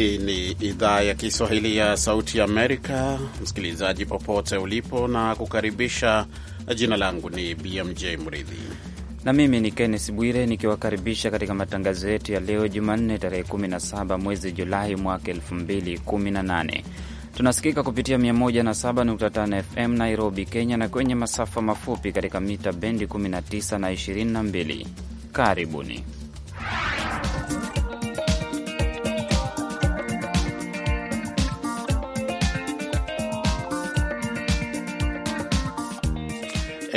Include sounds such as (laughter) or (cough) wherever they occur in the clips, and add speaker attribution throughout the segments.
Speaker 1: Hii ni idhaa ya Kiswahili ya Sauti ya Amerika. Msikilizaji popote ulipo, na kukaribisha. Jina langu ni BMJ Mridhi
Speaker 2: na mimi ni Kennes Bwire nikiwakaribisha katika matangazo yetu ya leo Jumanne, tarehe 17 mwezi Julai mwaka 2018. Tunasikika kupitia 107.5 FM Nairobi, Kenya, na kwenye masafa mafupi katika mita bendi 19 na 22. Karibuni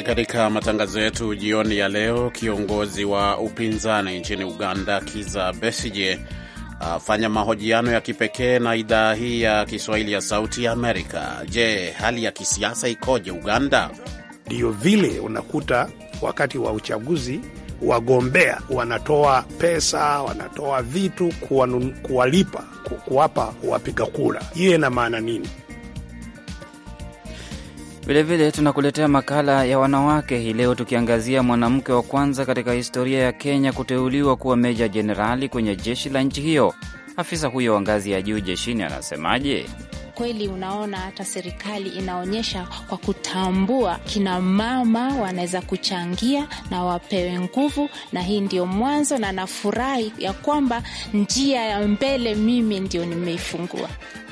Speaker 1: Katika matangazo yetu jioni ya leo, kiongozi wa upinzani nchini Uganda Kiza Besije afanya mahojiano ya kipekee na idhaa hii ya Kiswahili ya Sauti ya Amerika. Je, hali ya kisiasa ikoje Uganda?
Speaker 3: Ndiyo vile unakuta wakati wa uchaguzi wagombea wanatoa pesa, wanatoa vitu kuwalipa, kuwapa wapiga kura. Hiyo ina maana nini?
Speaker 2: Vilevile tunakuletea makala ya wanawake hii leo, tukiangazia mwanamke wa kwanza katika historia ya Kenya kuteuliwa kuwa meja jenerali kwenye jeshi la nchi hiyo. Afisa huyo wa ngazi ya juu jeshini anasemaje?
Speaker 4: kweli unaona hata serikali inaonyesha kwa kutambua kina mama wanaweza kuchangia na wapewe nguvu, na hii ndio mwanzo, na nafurahi ya kwamba njia ya mbele mimi ndio nimeifungua.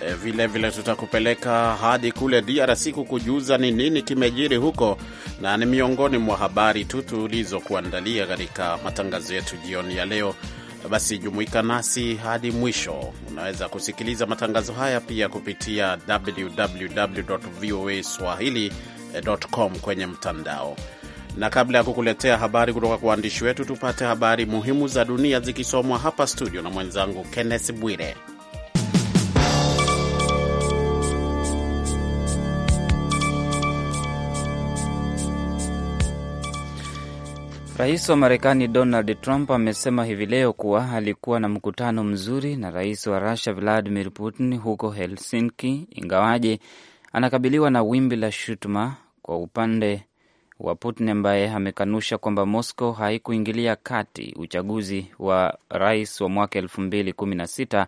Speaker 1: E, vilevile tutakupeleka hadi kule DRC kukujuza ni nini kimejiri huko, na ni miongoni mwa habari tu tulizokuandalia katika matangazo yetu jioni ya leo. Basi jumuika nasi hadi mwisho. Unaweza kusikiliza matangazo haya pia kupitia www voa swahili.com kwenye mtandao. Na kabla ya kukuletea habari kutoka kwa waandishi wetu, tupate habari muhimu za dunia zikisomwa hapa studio na mwenzangu Kenneth Bwire.
Speaker 2: Rais wa Marekani Donald Trump amesema hivi leo kuwa alikuwa na mkutano mzuri na rais wa Rusia Vladimir Putin huko Helsinki, ingawaje anakabiliwa na wimbi la shutuma kwa upande wa Putin ambaye amekanusha kwamba Moscow haikuingilia kati uchaguzi wa rais wa mwaka elfu mbili kumi na sita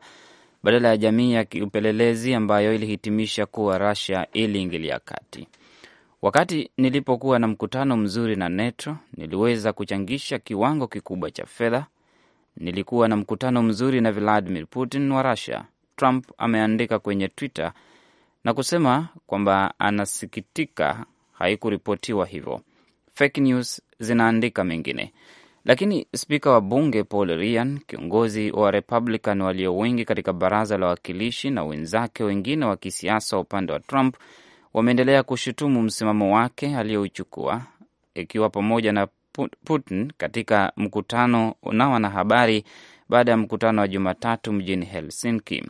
Speaker 2: badala ya jamii ya kiupelelezi ambayo ilihitimisha kuwa Rusia iliingilia kati. Wakati nilipokuwa na mkutano mzuri na nato niliweza kuchangisha kiwango kikubwa cha fedha. Nilikuwa na mkutano mzuri na Vladimir Putin wa Russia, Trump ameandika kwenye Twitter na kusema kwamba anasikitika haikuripotiwa hivyo. Fake news zinaandika mengine, lakini spika wa bunge Paul Ryan, kiongozi wa Republican walio wengi katika baraza la wawakilishi, na wenzake wengine wa kisiasa upande wa Trump wameendelea kushutumu msimamo wake aliyouchukua, ikiwa pamoja na Putin katika mkutano na wanahabari baada ya mkutano wa Jumatatu mjini Helsinki.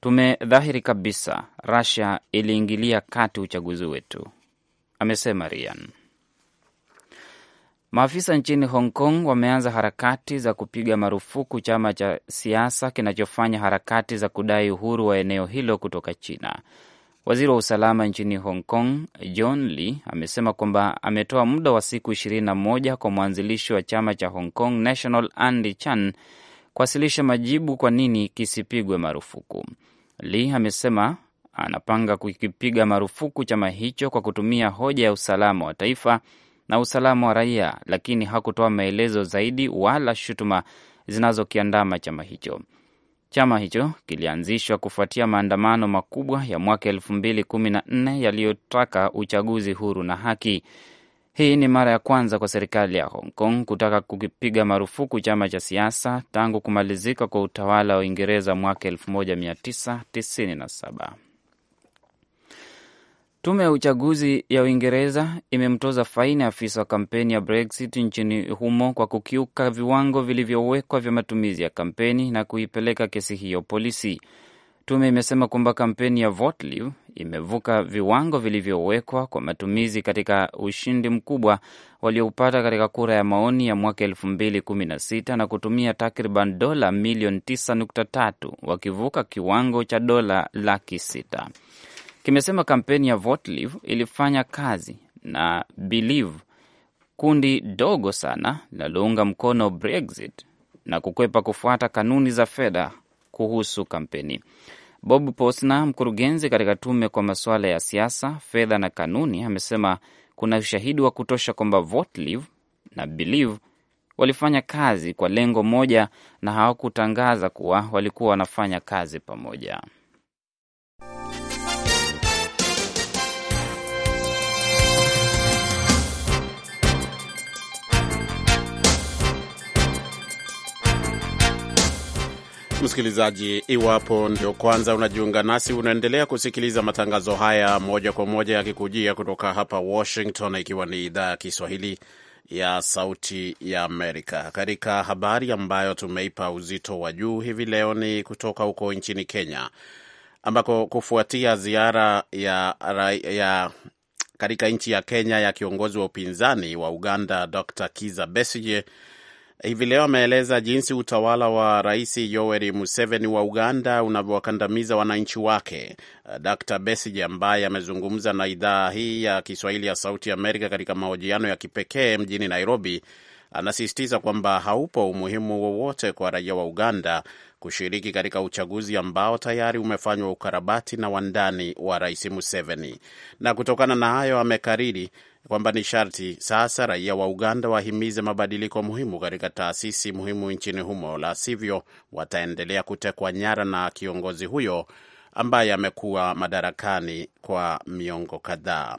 Speaker 2: Tumedhahiri kabisa Russia iliingilia kati uchaguzi wetu, amesema Ryan. Maafisa nchini Hong Kong wameanza harakati za kupiga marufuku chama cha siasa kinachofanya harakati za kudai uhuru wa eneo hilo kutoka China. Waziri wa usalama nchini Hong Kong John Lee amesema kwamba ametoa muda wa siku 21 kwa mwanzilishi wa chama cha Hong Kong National Andy Chan kuwasilisha majibu kwa nini kisipigwe marufuku. Lee amesema anapanga kukipiga marufuku chama hicho kwa kutumia hoja ya usalama wa taifa na usalama wa raia, lakini hakutoa maelezo zaidi wala shutuma zinazokiandama chama hicho. Chama hicho kilianzishwa kufuatia maandamano makubwa ya mwaka elfu mbili kumi na nne yaliyotaka uchaguzi huru na haki. Hii ni mara ya kwanza kwa serikali ya Hong Kong kutaka kukipiga marufuku chama cha siasa tangu kumalizika kwa utawala wa Uingereza mwaka 1997. Tume ya uchaguzi ya Uingereza imemtoza faini afisa wa kampeni ya Brexit nchini humo kwa kukiuka viwango vilivyowekwa vya matumizi ya kampeni na kuipeleka kesi hiyo polisi. Tume imesema kwamba kampeni ya Vote Leave imevuka viwango vilivyowekwa kwa matumizi katika ushindi mkubwa walioupata katika kura ya maoni ya mwaka 216 na na kutumia takriban dola milioni 9.3 wakivuka kiwango cha dola laki sita kimesema kampeni ya VoteLeave ilifanya kazi na Believe, kundi dogo sana linalounga mkono Brexit na kukwepa kufuata kanuni za fedha kuhusu kampeni. Bob Posner, mkurugenzi katika tume kwa masuala ya siasa, fedha na kanuni, amesema kuna ushahidi wa kutosha kwamba VoteLeave na Believe walifanya kazi kwa lengo moja na hawakutangaza kuwa walikuwa wanafanya kazi pamoja.
Speaker 1: Msikilizaji, iwapo ndio kwanza unajiunga nasi, unaendelea kusikiliza matangazo haya moja kwa moja yakikujia kutoka hapa Washington, ikiwa ni idhaa ya Kiswahili ya Sauti ya Amerika. Katika habari ambayo tumeipa uzito wa juu hivi leo ni kutoka huko nchini Kenya, ambako kufuatia ziara ya, ya katika nchi ya Kenya ya kiongozi wa upinzani wa Uganda Dr Kiza Besigye hivi leo ameeleza jinsi utawala wa Rais Yoweri Museveni wa Uganda unavyowakandamiza wananchi wake. Uh, Dr besij ambaye amezungumza na idhaa hii ya Kiswahili ya Sauti Amerika katika mahojiano ya kipekee mjini Nairobi anasisitiza kwamba haupo umuhimu wowote kwa raia wa Uganda kushiriki katika uchaguzi ambao tayari umefanywa ukarabati na wandani wa Rais Museveni. Na kutokana na hayo amekariri kwamba ni sharti sasa raia wa Uganda wahimize mabadiliko muhimu katika taasisi muhimu nchini humo, la sivyo wataendelea kutekwa nyara na kiongozi huyo ambaye amekuwa madarakani kwa miongo kadhaa.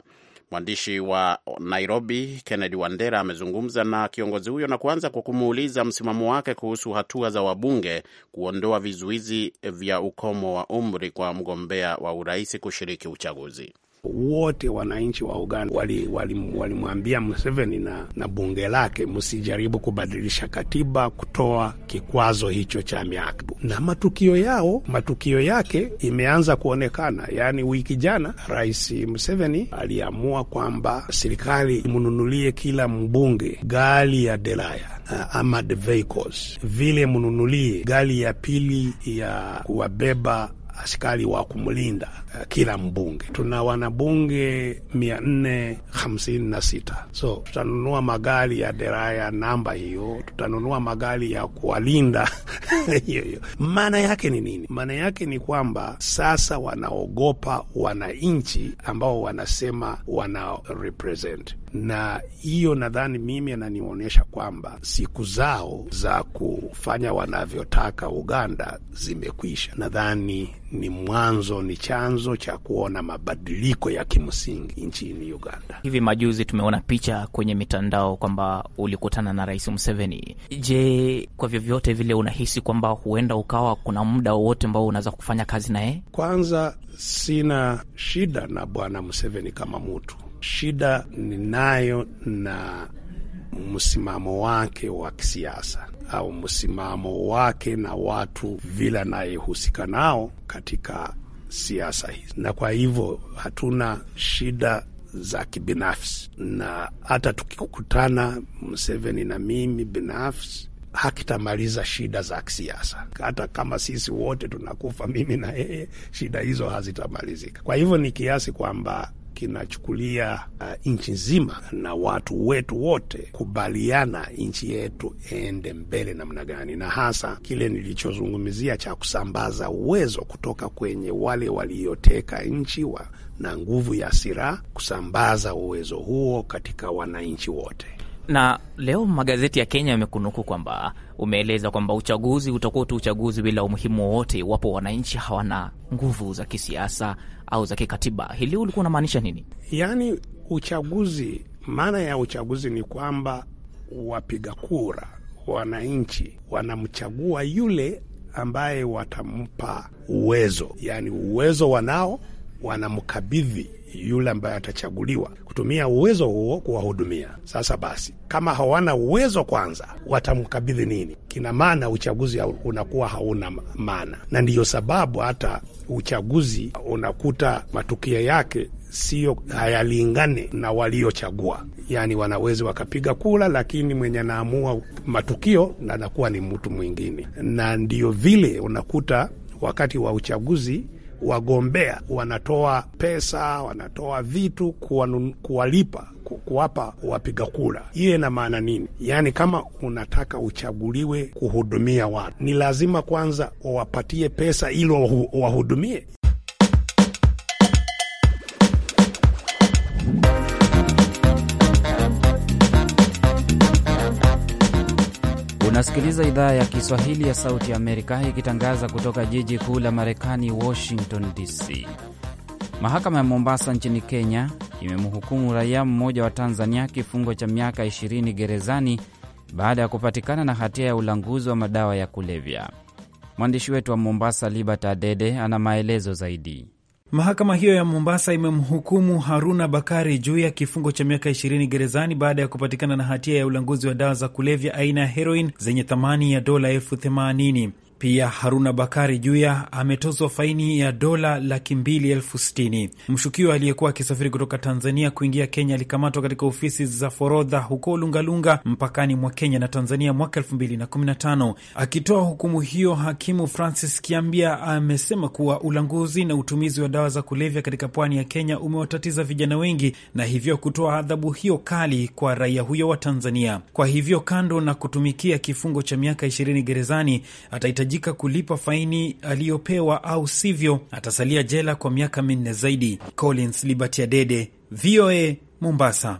Speaker 1: Mwandishi wa Nairobi Kennedy Wandera amezungumza na kiongozi huyo na kuanza kwa kumuuliza msimamo wake kuhusu hatua za wabunge kuondoa vizuizi vya ukomo wa umri kwa mgombea wa urais kushiriki uchaguzi.
Speaker 3: Wote wananchi wa Uganda walimwambia wali Museveni na, na bunge lake msijaribu kubadilisha katiba kutoa kikwazo hicho cha miaka, na matukio yao matukio yake imeanza kuonekana. Yaani wiki jana Rais Museveni aliamua kwamba serikali imnunulie kila mbunge gari ya deraya uh, vehicles vile mnunulie gari ya pili ya kuwabeba askari wa kumlinda eh, kila mbunge. Tuna wanabunge mia nne hamsini na sita so tutanunua magari ya deraya namba hiyo, tutanunua magari ya kuwalinda (laughs) hiyo. Maana yake ni nini? Maana yake ni kwamba sasa wanaogopa wananchi ambao wanasema wana represent na hiyo nadhani mimi ananionyesha kwamba siku zao za kufanya wanavyotaka Uganda zimekwisha. Nadhani ni mwanzo, ni chanzo cha kuona mabadiliko ya kimsingi nchini Uganda.
Speaker 2: Hivi majuzi tumeona picha kwenye mitandao kwamba ulikutana na Rais Museveni. Je, kwa vyovyote vile unahisi kwamba huenda ukawa
Speaker 4: kuna muda wowote ambao unaweza kufanya kazi naye?
Speaker 3: Kwanza sina shida na Bwana Museveni kama mutu Shida ninayo na msimamo wake wa kisiasa au msimamo wake na watu vile anayehusika nao katika siasa hizi, na kwa hivyo hatuna shida za kibinafsi, na hata tukikutana Museveni na mimi binafsi hakitamaliza shida za kisiasa. Hata kama sisi wote tunakufa, mimi na yeye, shida hizo hazitamalizika. Kwa hivyo ni kiasi kwamba kinachukulia uh, nchi nzima na watu wetu wote kubaliana nchi yetu ende mbele namna gani, na hasa kile nilichozungumzia cha kusambaza uwezo kutoka kwenye wale walioteka nchi wa, na nguvu ya silaha, kusambaza uwezo huo katika wananchi wote na
Speaker 2: leo magazeti ya Kenya yamekunuku kwamba umeeleza kwamba uchaguzi utakuwa tu uchaguzi bila umuhimu wowote iwapo wananchi hawana nguvu za kisiasa, au za kikatiba. Hili
Speaker 3: ulikuwa unamaanisha nini? Yaani uchaguzi, maana ya uchaguzi ni kwamba wapiga kura, wananchi wanamchagua yule ambaye watampa uwezo, yaani uwezo wanao wanamkabidhi yule ambaye atachaguliwa kutumia uwezo huo kuwahudumia. Sasa basi, kama hawana uwezo kwanza, watamkabidhi nini? Kina maana uchaguzi unakuwa hauna maana, na ndiyo sababu hata uchaguzi unakuta matukio yake siyo hayalingane na waliochagua. Yaani wanaweza wakapiga kura, lakini mwenye anaamua matukio anakuwa ni mtu mwingine, na ndiyo vile unakuta wakati wa uchaguzi wagombea wanatoa pesa, wanatoa vitu kuwanun, kuwalipa kuwapa wapiga kura. Hiyo ina maana nini? Yaani, kama unataka uchaguliwe kuhudumia watu, ni lazima kwanza wawapatie pesa ili wahudumie.
Speaker 2: Unasikiliza idhaa ya Kiswahili ya Sauti ya Amerika ikitangaza kutoka jiji kuu la Marekani, Washington DC. Mahakama ya Mombasa nchini Kenya imemhukumu raia mmoja wa Tanzania kifungo cha miaka 20 gerezani baada ya kupatikana na hatia ya ulanguzi wa madawa ya kulevya. Mwandishi wetu wa Mombasa, Libert Adede, ana maelezo zaidi.
Speaker 5: Mahakama hiyo ya Mombasa imemhukumu Haruna Bakari juu ya kifungo cha miaka ishirini gerezani baada ya kupatikana na hatia ya ulanguzi wa dawa za kulevya aina ya heroin zenye thamani ya dola elfu themanini. Pia Haruna Bakari Juya ametozwa faini ya dola laki mbili elfu sitini. Mshukiwa aliyekuwa akisafiri kutoka Tanzania kuingia Kenya alikamatwa katika ofisi za forodha huko Lungalunga, mpakani mwa Kenya na Tanzania mwaka elfu mbili na kumi na tano. Akitoa hukumu hiyo, hakimu Francis Kiambia amesema kuwa ulanguzi na utumizi wa dawa za kulevya katika pwani ya Kenya umewatatiza vijana wengi na hivyo kutoa adhabu hiyo kali kwa raia huyo wa Tanzania. Kwa hivyo, kando na kutumikia kifungo cha miaka ishirini gerezani ataita atahitajika kulipa faini aliyopewa au sivyo atasalia jela kwa miaka minne zaidi. Collins Liberty Adede, VOA Mombasa.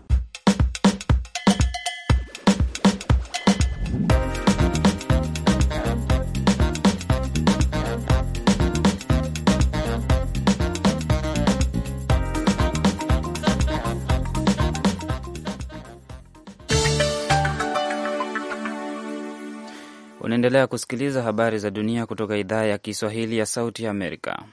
Speaker 2: Unaendelea kusikiliza habari za dunia kutoka idhaa ya Kiswahili ya Sauti ya Amerika.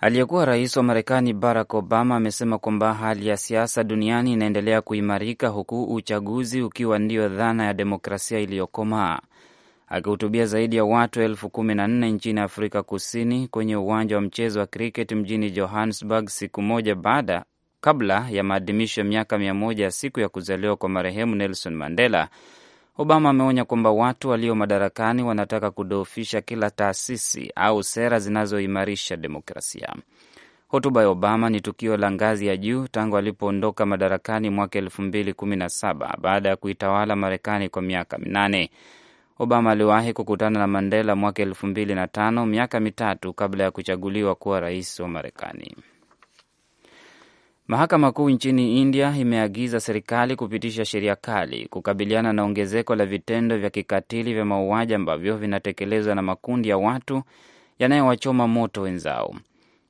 Speaker 2: Aliyekuwa rais wa Marekani Barack Obama amesema kwamba hali ya siasa duniani inaendelea kuimarika huku uchaguzi ukiwa ndiyo dhana ya demokrasia iliyokomaa. Akihutubia zaidi ya watu elfu kumi na nne nchini Afrika Kusini kwenye uwanja wa mchezo wa kriket mjini Johannesburg siku moja baada kabla ya maadhimisho ya miaka mia moja ya siku ya kuzaliwa kwa marehemu Nelson Mandela, Obama ameonya kwamba watu walio madarakani wanataka kudoofisha kila taasisi au sera zinazoimarisha demokrasia. Hotuba ya Obama ni tukio la ngazi ya juu tangu alipoondoka madarakani mwaka elfu mbili kumi na saba baada ya kuitawala Marekani kwa miaka minane. Obama aliwahi kukutana na Mandela mwaka elfu mbili na tano miaka mitatu kabla ya kuchaguliwa kuwa rais wa Marekani. Mahakama Kuu nchini India imeagiza serikali kupitisha sheria kali kukabiliana na ongezeko la vitendo vya kikatili vya mauaji ambavyo vinatekelezwa na makundi ya watu yanayowachoma moto wenzao.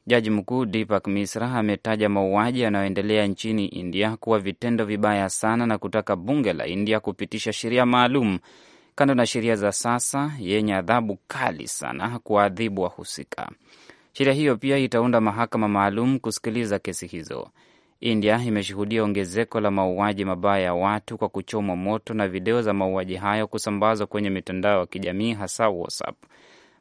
Speaker 2: Jaji Mkuu Deepak Misra ametaja mauaji yanayoendelea nchini India kuwa vitendo vibaya sana na kutaka bunge la India kupitisha sheria maalum kando na sheria za sasa yenye adhabu kali sana kuwaadhibu wahusika. Sheria hiyo pia itaunda mahakama maalum kusikiliza kesi hizo. India imeshuhudia ongezeko la mauaji mabaya ya watu kwa kuchomwa moto na video za mauaji hayo kusambazwa kwenye mitandao ya kijamii hasa WhatsApp.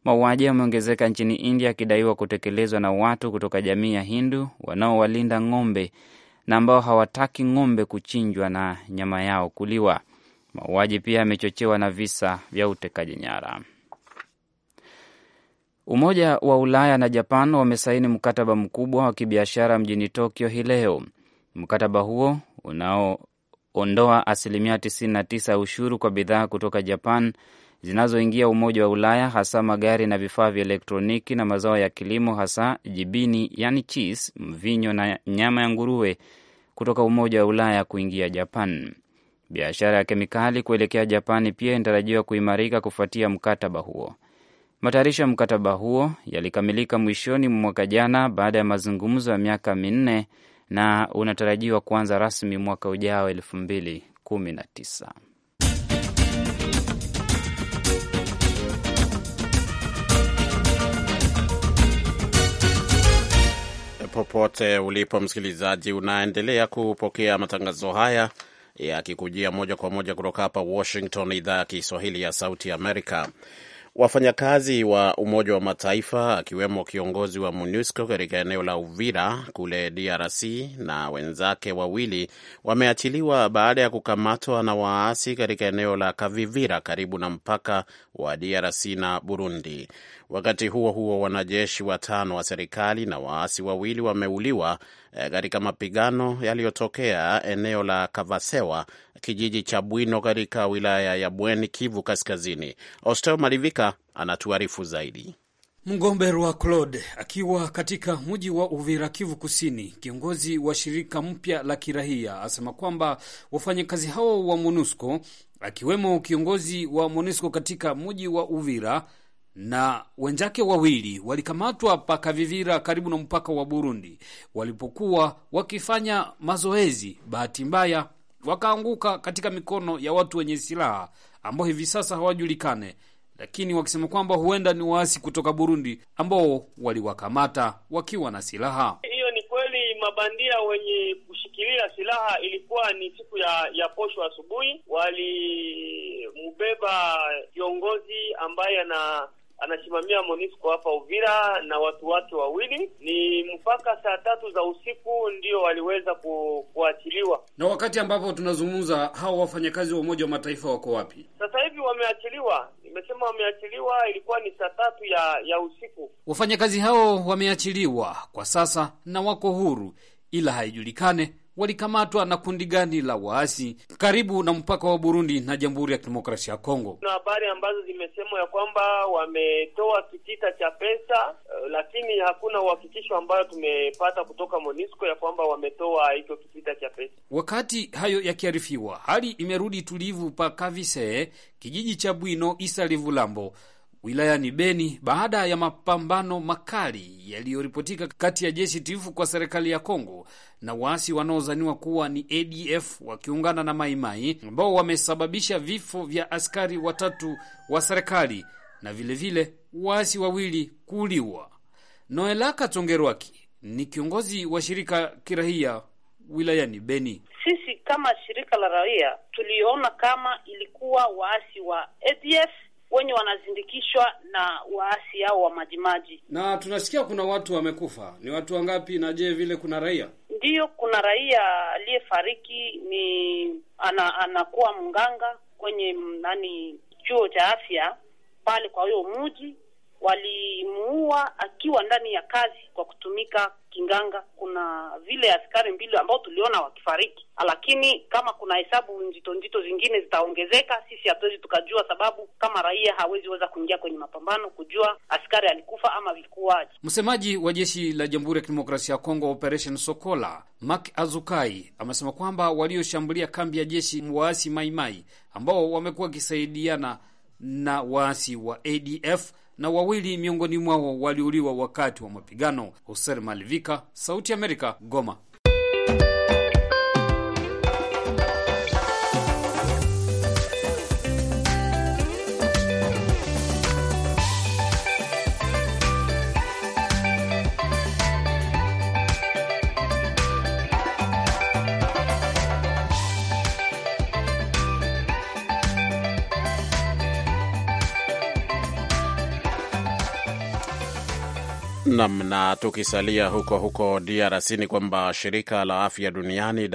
Speaker 2: Mauaji yameongezeka nchini India yakidaiwa kutekelezwa na watu kutoka jamii ya Hindu wanaowalinda ng'ombe na ambao hawataki ng'ombe kuchinjwa na nyama yao kuliwa. Mauaji pia yamechochewa na visa vya utekaji nyara. Umoja wa Ulaya na Japan wamesaini mkataba mkubwa wa kibiashara mjini Tokyo hii leo. Mkataba huo unaoondoa asilimia 99 ya ushuru kwa bidhaa kutoka Japan zinazoingia Umoja wa Ulaya, hasa magari na vifaa vya elektroniki na mazao ya kilimo, hasa jibini, yani cheese, mvinyo na nyama ya nguruwe kutoka Umoja wa Ulaya kuingia Japan. Biashara ya kemikali kuelekea Japani pia inatarajiwa kuimarika kufuatia mkataba huo. Matayarisho ya mkataba huo yalikamilika mwishoni mwa mwaka jana baada ya mazungumzo ya miaka minne na unatarajiwa kuanza rasmi mwaka ujao elfu mbili kumi na tisa.
Speaker 1: Popote ulipo msikilizaji, unaendelea kupokea matangazo haya yakikujia moja kwa moja kutoka hapa Washington, idhaa ya Kiswahili ya Sauti Amerika. Wafanyakazi wa Umoja wa Mataifa akiwemo kiongozi wa MONUSCO katika eneo la Uvira kule DRC na wenzake wawili wameachiliwa baada ya kukamatwa na waasi katika eneo la Kavivira karibu na mpaka wa DRC na Burundi. Wakati huo huo, wanajeshi watano wa serikali na waasi wawili wameuliwa eh, katika mapigano yaliyotokea eneo la Kavasewa, kijiji cha Bwino katika wilaya ya Bweni, Kivu Kaskazini. Ostel Malivika anatuarifu zaidi.
Speaker 5: rwa Claude akiwa katika mji wa Uvira, Kivu Kusini, kiongozi wa shirika mpya la kirahia asema kwamba wafanyakazi hao wa MONUSCO akiwemo kiongozi wa MONUSCO katika mji wa Uvira na wenzake wawili walikamatwa Pakavivira karibu na mpaka wa Burundi walipokuwa wakifanya mazoezi. Bahati mbaya wakaanguka katika mikono ya watu wenye silaha ambao hivi sasa hawajulikane, lakini wakisema kwamba huenda ni waasi kutoka Burundi ambao waliwakamata wakiwa na silaha.
Speaker 3: Hiyo ni kweli, mabandia wenye kushikilia silaha. Ilikuwa ni siku ya, ya posho asubuhi, walimbeba kiongozi ambaye ana anasimamia MONUSCO hapa Uvira na watu wake wawili. Ni mpaka saa tatu za usiku ndio waliweza ku, kuachiliwa.
Speaker 5: Na wakati ambapo tunazungumza, hao wafanyakazi wa Umoja wa Mataifa wako wapi
Speaker 3: sasa hivi? Wameachiliwa, nimesema wameachiliwa, ilikuwa ni saa tatu ya, ya usiku.
Speaker 5: Wafanyakazi hao wameachiliwa kwa sasa na wako huru, ila haijulikane walikamatwa na kundi gani la waasi karibu na mpaka wa Burundi na Jamhuri ya Kidemokrasia ya Kongo. Kuna
Speaker 3: habari ambazo zimesemwa ya kwamba wametoa kitita cha pesa, eh, lakini hakuna uhakikisho ambayo tumepata kutoka MONUSCO ya kwamba wametoa hicho kitita cha pesa.
Speaker 5: Wakati hayo yakiarifiwa, hali imerudi tulivu pa Kavise, kijiji cha Bwino Isa Livulambo wilayani Beni baada ya mapambano makali yaliyoripotika kati ya jeshi tifu kwa serikali ya Kongo na waasi wanaozaniwa kuwa ni ADF wakiungana na Maimai ambao wamesababisha vifo vya askari watatu wa serikali na vilevile vile, waasi wawili kuuliwa. Noelaka Tongerwaki ni kiongozi wa shirika kirahia wilayani Beni.
Speaker 6: Sisi kama shirika la raia tuliona kama ilikuwa waasi wa ADF wenye wanazindikishwa na waasi hao wa majimaji.
Speaker 5: Na tunasikia kuna watu wamekufa, ni watu wangapi? Na je, vile kuna raia?
Speaker 6: Ndiyo, kuna raia aliyefariki, ni ana, anakuwa mganga kwenye nani chuo cha afya pale kwa huyo muji Walimuua akiwa ndani ya kazi kwa kutumika Kinganga kuna vile askari mbili ambao tuliona wakifariki, lakini kama kuna hesabu nzito nzito zingine zitaongezeka, sisi hatuwezi tukajua, sababu kama raia hawezi weza kuingia kwenye mapambano kujua askari alikufa ama vilikuwaje.
Speaker 5: Msemaji wa jeshi la Jamhuri ya Kidemokrasia ya Kongo, Operation Sokola, Mark Azukai amesema kwamba walioshambulia kambi ya jeshi waasi Maimai ambao wamekuwa wakisaidiana na waasi wa ADF na wawili miongoni mwao waliuliwa wakati wa mapigano. Hoser Malivika, Sauti ya Amerika, Goma.
Speaker 1: Nam, na tukisalia huko huko DRC ni kwamba shirika la afya duniani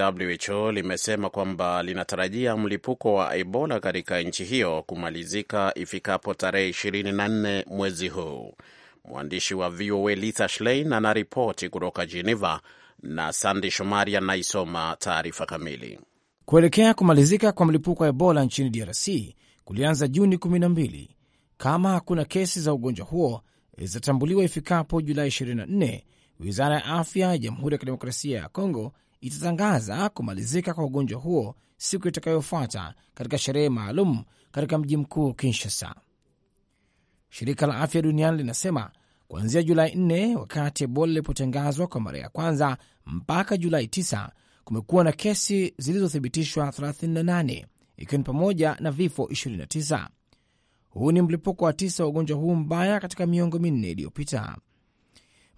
Speaker 1: WHO limesema kwamba linatarajia mlipuko wa Ebola katika nchi hiyo kumalizika ifikapo tarehe 24 mwezi huu. Mwandishi wa VOA Lisa Schlein anaripoti kutoka Geneva na Sandi Shomari anaisoma taarifa kamili.
Speaker 7: Kuelekea kumalizika kwa mlipuko wa Ebola nchini DRC kulianza Juni 12 kama hakuna kesi za ugonjwa huo zitatambuliwa ifikapo Julai 24, wizara ya afya ya Jamhuri ya Kidemokrasia ya Kongo itatangaza kumalizika kwa ugonjwa huo siku itakayofuata katika sherehe maalum katika mji mkuu Kinshasa. Shirika la Afya Duniani linasema kuanzia Julai 4 wakati Ebola ilipotangazwa kwa mara ya kwanza mpaka Julai 9 kumekuwa na kesi zilizothibitishwa 38 ikiwa ni pamoja na vifo 29. Huu ni mlipuko wa tisa wa ugonjwa huu mbaya katika miongo minne iliyopita.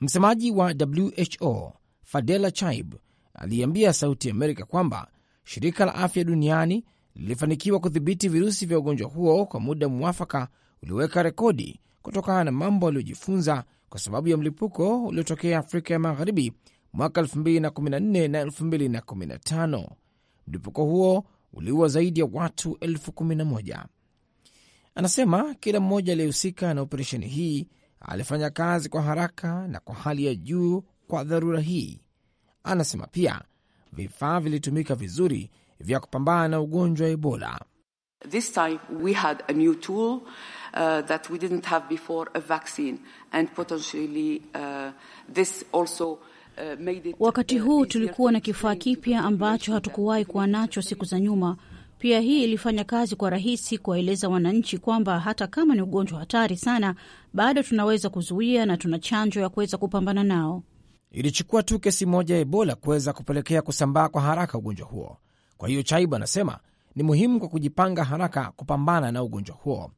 Speaker 7: Msemaji wa WHO Fadela Chaib aliambia Sauti Amerika kwamba shirika la afya duniani lilifanikiwa kudhibiti virusi vya ugonjwa huo kwa muda mwafaka ulioweka rekodi kutokana na mambo aliyojifunza kwa sababu ya mlipuko uliotokea Afrika ya Magharibi mwaka 2014 na 2015. Mlipuko huo uliua zaidi ya watu elfu 11. Anasema kila mmoja aliyehusika na operesheni hii alifanya kazi kwa haraka na kwa hali ya juu kwa dharura hii. Anasema pia vifaa vilitumika vizuri vya kupambana na ugonjwa wa
Speaker 1: Ebola. This time we had a new tool uh, that we didn't have before, a vaccine, and potentially uh, this also uh, made it.
Speaker 6: Wakati uh, huu tulikuwa na kifaa kipya ambacho hatukuwahi kuwa nacho siku za nyuma pia hii ilifanya kazi kwa rahisi kuwaeleza wananchi kwamba hata kama ni ugonjwa hatari sana, bado tunaweza kuzuia na tuna chanjo ya kuweza kupambana nao.
Speaker 7: Ilichukua tu kesi moja ya Ebola kuweza kupelekea kusambaa kwa haraka ugonjwa huo. Kwa hiyo chaib anasema ni muhimu kwa kujipanga haraka kupambana na ugonjwa huo.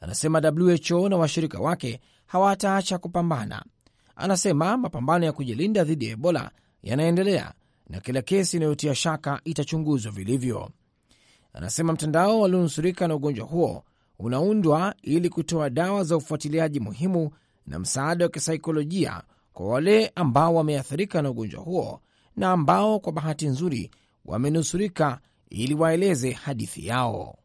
Speaker 7: Anasema WHO na washirika wake hawataacha kupambana. Anasema mapambano ya kujilinda dhidi ya Ebola yanaendelea na kila kesi inayotia shaka itachunguzwa vilivyo. Anasema mtandao walionusurika na ugonjwa huo unaundwa ili kutoa dawa za ufuatiliaji muhimu na msaada wa kisaikolojia kwa wale ambao wameathirika na ugonjwa huo na ambao kwa bahati nzuri wamenusurika ili waeleze hadithi yao.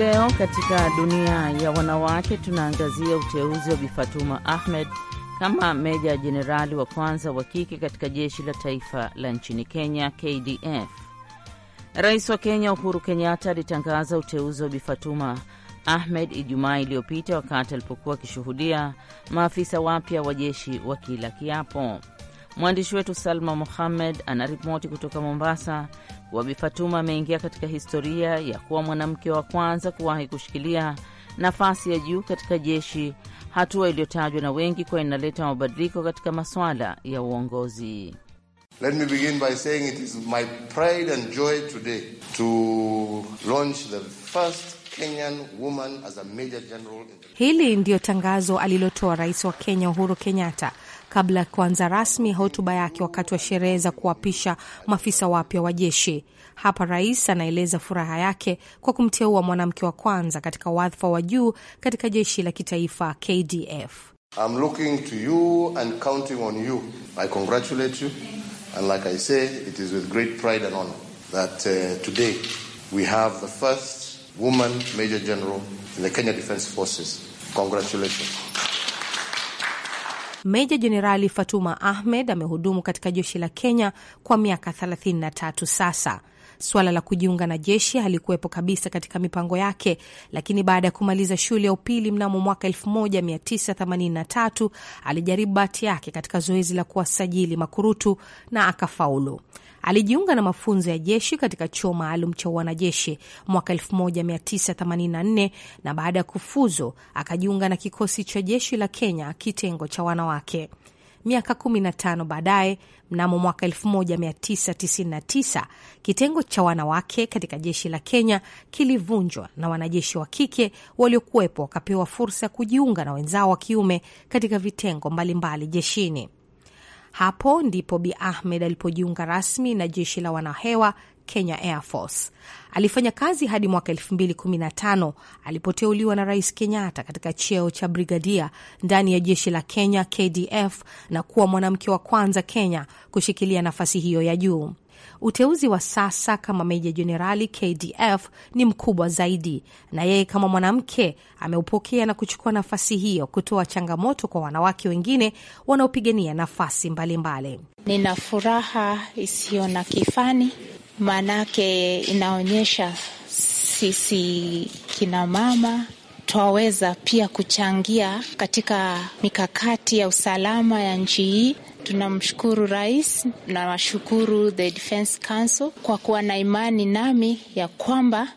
Speaker 4: leo katika dunia ya wanawake tunaangazia uteuzi wa bifatuma Ahmed kama meja jenerali wa kwanza wa kike katika jeshi la taifa la nchini Kenya, KDF. Rais wa Kenya Uhuru Kenyatta alitangaza uteuzi wa bifatuma Ahmed Ijumaa iliyopita wakati alipokuwa akishuhudia maafisa wapya wa jeshi wakila kiapo. Mwandishi wetu Salma Mohammed anaripoti kutoka Mombasa kuwa Bi Fatuma ameingia katika historia ya kuwa mwanamke wa kwanza kuwahi kushikilia nafasi ya juu katika jeshi, hatua iliyotajwa na wengi kuwa inaleta mabadiliko katika masuala ya uongozi.
Speaker 3: Let me begin by saying it is my pride and joy today to
Speaker 1: launch the first Kenyan woman as a major general in the...
Speaker 6: Hili ndiyo tangazo alilotoa Rais wa Kenya Uhuru Kenyatta kabla ya kuanza rasmi hotuba yake wakati wa sherehe za kuwapisha maafisa wapya wa jeshi. Hapa rais anaeleza furaha yake kwa kumteua mwanamke wa kwanza katika wadhifa wa juu katika jeshi la kitaifa KDF.
Speaker 1: I'm looking to you and counting on you. I congratulate you. And like I say, it is with great pride and honor that uh, today we have the first woman major general in the Kenya Defense Forces. Congratulations.
Speaker 6: Meja Jenerali Fatuma Ahmed amehudumu katika jeshi la Kenya kwa miaka 33 sasa. Suala la kujiunga na jeshi halikuwepo kabisa katika mipango yake, lakini baada ya kumaliza shule ya upili mnamo mwaka 1983 alijaribu bahati yake katika zoezi la kuwasajili makurutu na akafaulu. Alijiunga na mafunzo ya jeshi katika chuo maalum cha wanajeshi mwaka 1984 na baada ya kufuzu akajiunga na kikosi cha jeshi la Kenya kitengo cha wanawake. Miaka 15 baadaye, mnamo mwaka 1999 kitengo cha wanawake katika jeshi la Kenya kilivunjwa na wanajeshi wa kike waliokuwepo wakapewa fursa ya kujiunga na wenzao wa kiume katika vitengo mbalimbali mbali jeshini. Hapo ndipo Bi Ahmed alipojiunga rasmi na jeshi la wanahewa Kenya Air Force. Alifanya kazi hadi mwaka 2015 alipoteuliwa na Rais Kenyatta katika cheo cha brigadia ndani ya jeshi la Kenya KDF na kuwa mwanamke wa kwanza Kenya kushikilia nafasi hiyo ya juu. Uteuzi wa sasa kama meja jenerali KDF ni mkubwa zaidi, na yeye kama mwanamke ameupokea na kuchukua nafasi hiyo kutoa changamoto kwa wanawake wengine wanaopigania nafasi mbalimbali.
Speaker 4: Nina furaha isiyo na kifani, maanake inaonyesha sisi kinamama twaweza pia kuchangia katika mikakati ya usalama ya nchi hii Tunamshukuru rais na washukuru the Defense Council kwa kuwa na imani nami ya kwamba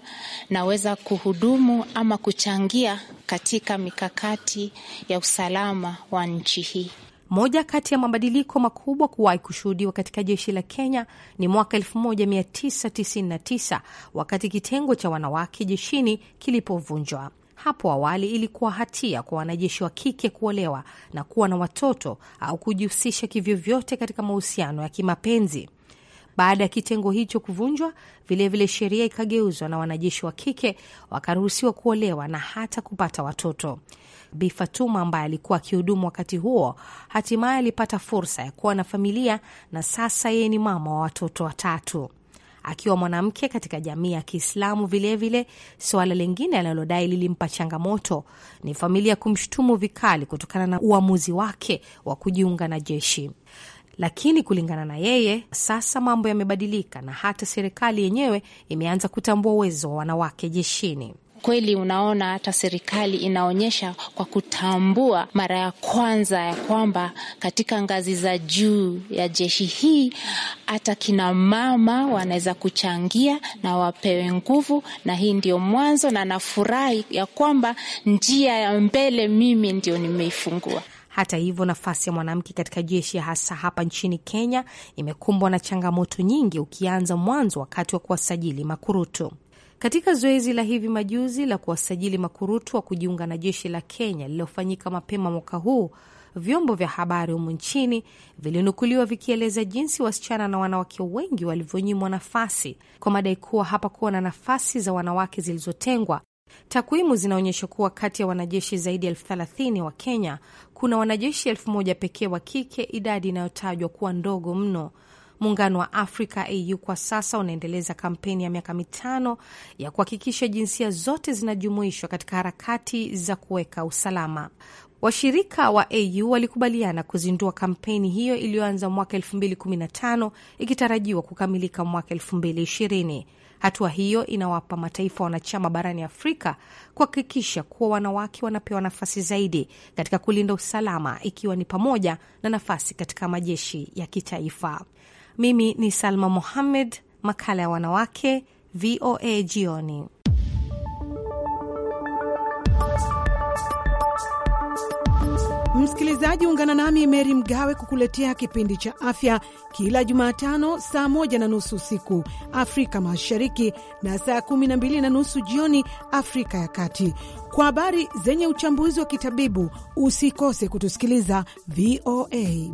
Speaker 4: naweza kuhudumu ama kuchangia katika mikakati ya usalama wa nchi hii. Moja kati ya mabadiliko makubwa kuwahi kushuhudiwa
Speaker 6: katika jeshi la Kenya ni mwaka 1999 wakati kitengo cha wanawake jeshini kilipovunjwa hapo awali ilikuwa hatia kwa wanajeshi wa kike kuolewa na kuwa na watoto au kujihusisha kivyovyote katika mahusiano ya kimapenzi. Baada ya kitengo hicho kuvunjwa, vilevile sheria ikageuzwa na wanajeshi wa kike wakaruhusiwa kuolewa na hata kupata watoto. Bi Fatuma ambaye alikuwa akihudumu wakati huo, hatimaye alipata fursa ya kuwa na familia na sasa yeye ni mama wa watoto watatu akiwa mwanamke katika jamii ya Kiislamu. Vilevile, suala lingine analodai lilimpa changamoto ni familia kumshutumu vikali kutokana na uamuzi wake wa kujiunga na jeshi. Lakini kulingana na yeye, sasa mambo yamebadilika na hata serikali yenyewe imeanza kutambua uwezo
Speaker 4: wa wanawake jeshini kweli unaona hata serikali inaonyesha kwa kutambua mara ya kwanza ya kwamba katika ngazi za juu ya jeshi hii hata kina mama wanaweza kuchangia na wapewe nguvu, na hii ndio mwanzo, na nafurahi ya kwamba njia ya mbele mimi ndio nimeifungua. Hata hivyo nafasi ya mwanamke katika jeshi hasa hapa nchini Kenya
Speaker 6: imekumbwa na changamoto nyingi, ukianza mwanzo wakati wa kuwasajili makurutu. Katika zoezi la hivi majuzi la kuwasajili makurutu wa kujiunga na jeshi la Kenya lililofanyika mapema mwaka huu, vyombo vya habari humu nchini vilinukuliwa vikieleza jinsi wasichana na wanawake wengi walivyonyimwa nafasi kwa madai kuwa hapakuwa na nafasi za wanawake zilizotengwa. Takwimu zinaonyesha kuwa kati ya wanajeshi zaidi ya elfu thelathini wa Kenya kuna wanajeshi elfu moja pekee wa kike, idadi inayotajwa kuwa ndogo mno. Muungano wa Afrika AU kwa sasa unaendeleza kampeni ya miaka mitano ya kuhakikisha jinsia zote zinajumuishwa katika harakati za kuweka usalama. Washirika wa AU walikubaliana kuzindua kampeni hiyo iliyoanza mwaka 2015 ikitarajiwa kukamilika mwaka 2020. Hatua hiyo inawapa mataifa wanachama barani Afrika kuhakikisha kuwa wanawake wanapewa nafasi zaidi katika kulinda usalama, ikiwa ni pamoja na nafasi katika majeshi ya kitaifa. Mimi ni Salma Mohammed, makala ya wanawake VOA jioni. Msikilizaji, ungana nami Meri Mgawe kukuletea kipindi cha afya kila Jumatano saa moja na nusu usiku Afrika Mashariki na saa kumi na mbili na nusu jioni Afrika ya Kati, kwa habari zenye uchambuzi wa kitabibu. Usikose kutusikiliza VOA.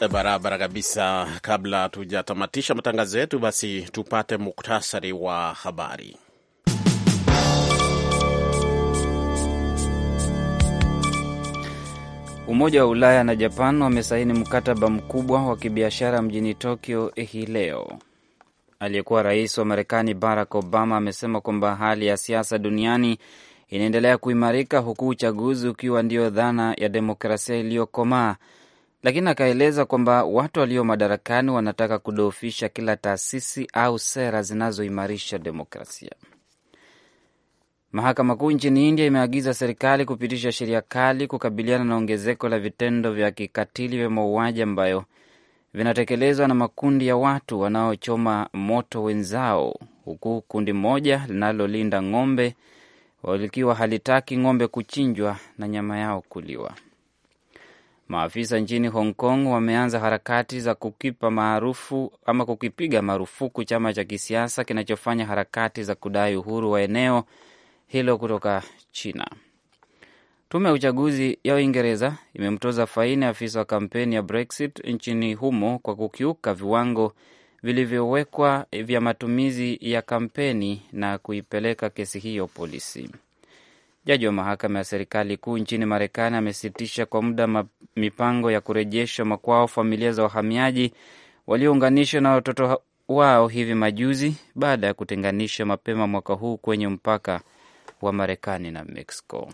Speaker 1: Eh, barabara kabisa. Kabla tujatamatisha matangazo yetu, basi tupate muktasari wa habari.
Speaker 2: Umoja wa Ulaya na Japan wamesaini mkataba mkubwa wa kibiashara mjini Tokyo hii leo. Aliyekuwa rais wa Marekani Barack Obama amesema kwamba hali ya siasa duniani inaendelea kuimarika huku uchaguzi ukiwa ndio dhana ya demokrasia iliyokomaa lakini akaeleza kwamba watu walio madarakani wanataka kudoofisha kila taasisi au sera zinazoimarisha demokrasia. Mahakama Kuu nchini India imeagiza serikali kupitisha sheria kali kukabiliana na ongezeko la vitendo vya kikatili vya mauaji ambayo vinatekelezwa na makundi ya watu wanaochoma moto wenzao, huku kundi moja linalolinda ng'ombe likiwa halitaki ng'ombe kuchinjwa na nyama yao kuliwa. Maafisa nchini Hong Kong wameanza harakati za kukipa maarufu ama kukipiga marufuku chama cha kisiasa kinachofanya harakati za kudai uhuru wa eneo hilo kutoka China. Tume ya uchaguzi ya Uingereza imemtoza faini afisa wa kampeni ya Brexit nchini humo kwa kukiuka viwango vilivyowekwa vya matumizi ya kampeni na kuipeleka kesi hiyo polisi. Jaji wa mahakama ya serikali kuu nchini Marekani amesitisha kwa muda mipango ya kurejesha makwao familia za wahamiaji waliounganishwa na watoto wao hivi majuzi baada ya kutenganisha mapema mwaka huu kwenye mpaka wa Marekani na Mexico.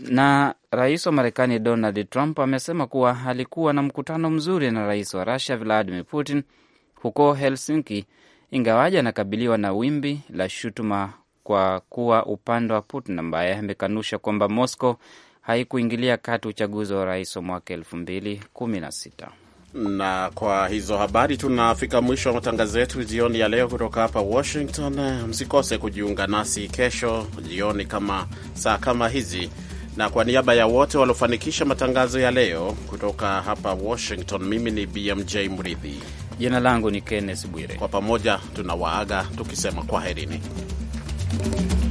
Speaker 2: Na rais wa Marekani Donald Trump amesema kuwa alikuwa na mkutano mzuri na rais wa Rusia Vladimir Putin huko Helsinki, ingawaji anakabiliwa na wimbi la shutuma kwa kuwa upande wa Putin ambaye amekanusha kwamba Moscow haikuingilia kati uchaguzi wa rais wa mwaka elfu mbili kumi na sita.
Speaker 1: Na kwa hizo habari tunafika mwisho wa matangazo yetu jioni ya leo kutoka hapa Washington. Msikose kujiunga nasi kesho jioni kama saa kama hizi, na kwa niaba ya wote waliofanikisha matangazo ya leo kutoka hapa Washington, mimi ni BMJ Mridhi, jina langu ni Kenneth Bwire. Kwa pamoja tunawaaga tukisema kwaherini. Thank you.